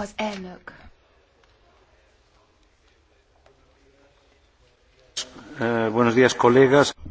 Az elnök. Eh, buenos días, colegas.